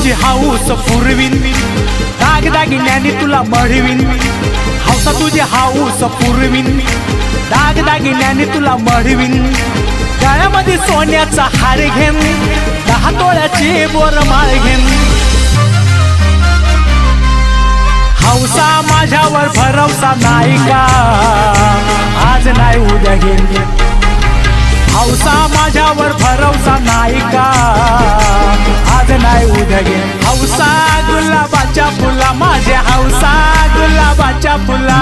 तुझी हाऊस पुरवीन दागदागिन्याने तुला मढवीन हौसा तुझी हाऊस पुरवीन दागदागिन्याने तुला मढवीन गळ्यामध्ये सोन्याचा हार घेन दहा तोळ्याची माळ घेन हौसा माझ्यावर भरवसा नाही का आज नाही उद्या घेन हौसा माझ्यावर भरवसा नाही का चपला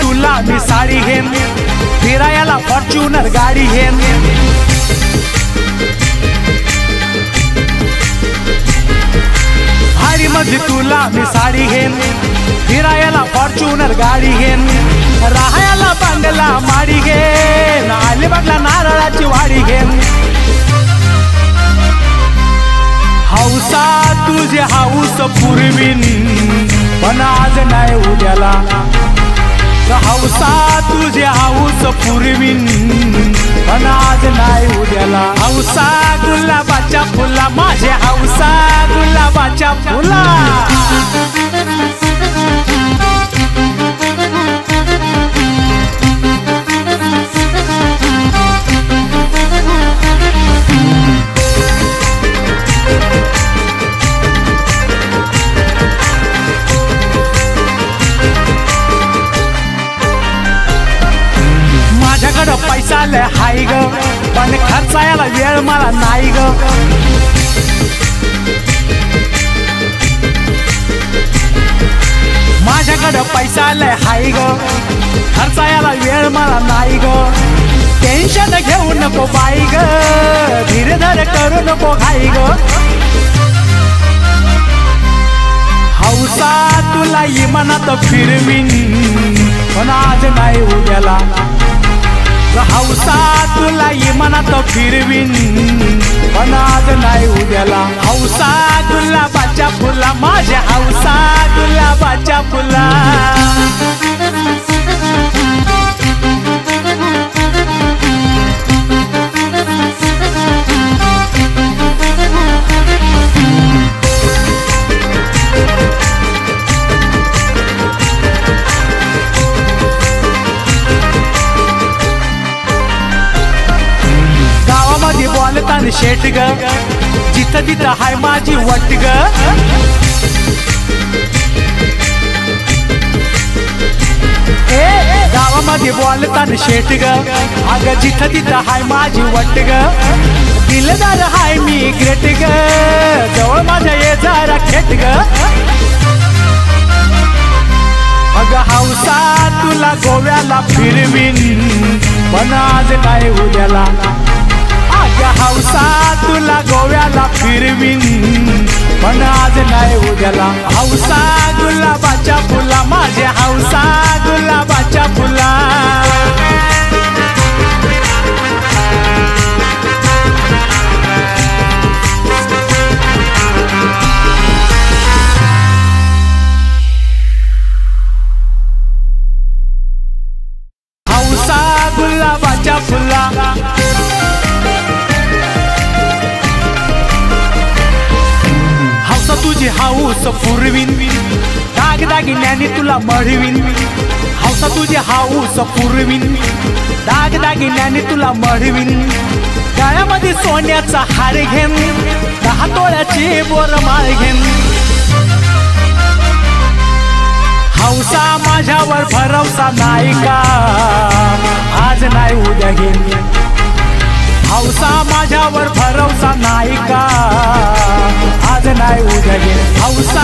तुला मी साडी घेन फिरायला फॉर्च्युनर गाडी घेन की माझी तुला मी साडी घेन फिरायला फॉर्च्युनर गाडी घेन राहायला बांधला माडी घेन अलिबागला नारळाची वाडी घेन हौसा तुझे हाऊस पूर्वीन पण आज नाही उद्याला हौसा तुझे हाऊस पूर्वीन पण आज नाही उद्याला हौसा फुलाच्या फुला माझ्याकडं पैसा ले हाय ग पण खर्चायला वेळ मला नाही ग माझ्याकडं पैसा लय हाय ग खर्चायला वेळ मला नाही ग टेन्शन घेऊ नको बाई ग धीर धर करू नको घाई ग हौसा तुला इमानात फिरवीन पण आज नाही उद्याला हौसा तुला इमानात फिरवीन पण आज नाही उद्याला हौसा गुलाबाच्या फुला माझ्या हौसा गुलाबाच्या फुला वाट ग जिथं तिथं हाय माझी वाट ग गावामध्ये बोलताना शेट ग अग जिथं तिथं हाय माझी वाट ग दिलदार हाय मी ग्रेट ग जवळ माझ्या ये जरा खेट ग अग हौसा तुला गोव्याला फिरविन पण आज काय उद्याला माझ्या हौसा तुला गोव्याला फिरवीन पण आज नाही उद्याला हौसा गुलाब तुझी हाऊस पुरविन दाग दागिन्याने तुला मळवीन हौसा तुझी हाऊस पुरविन दाग दागिन्याने तुला मळवीन गळ्यामध्ये सोन्याचा हार घेन दहा तोळ्याची माळ घेन हौसा माझ्यावर भरवसा नाही का आज नाही उद्या घेन हौसा माझ्यावर भरवसा नाही का ராஜனாய் உதவில் அவச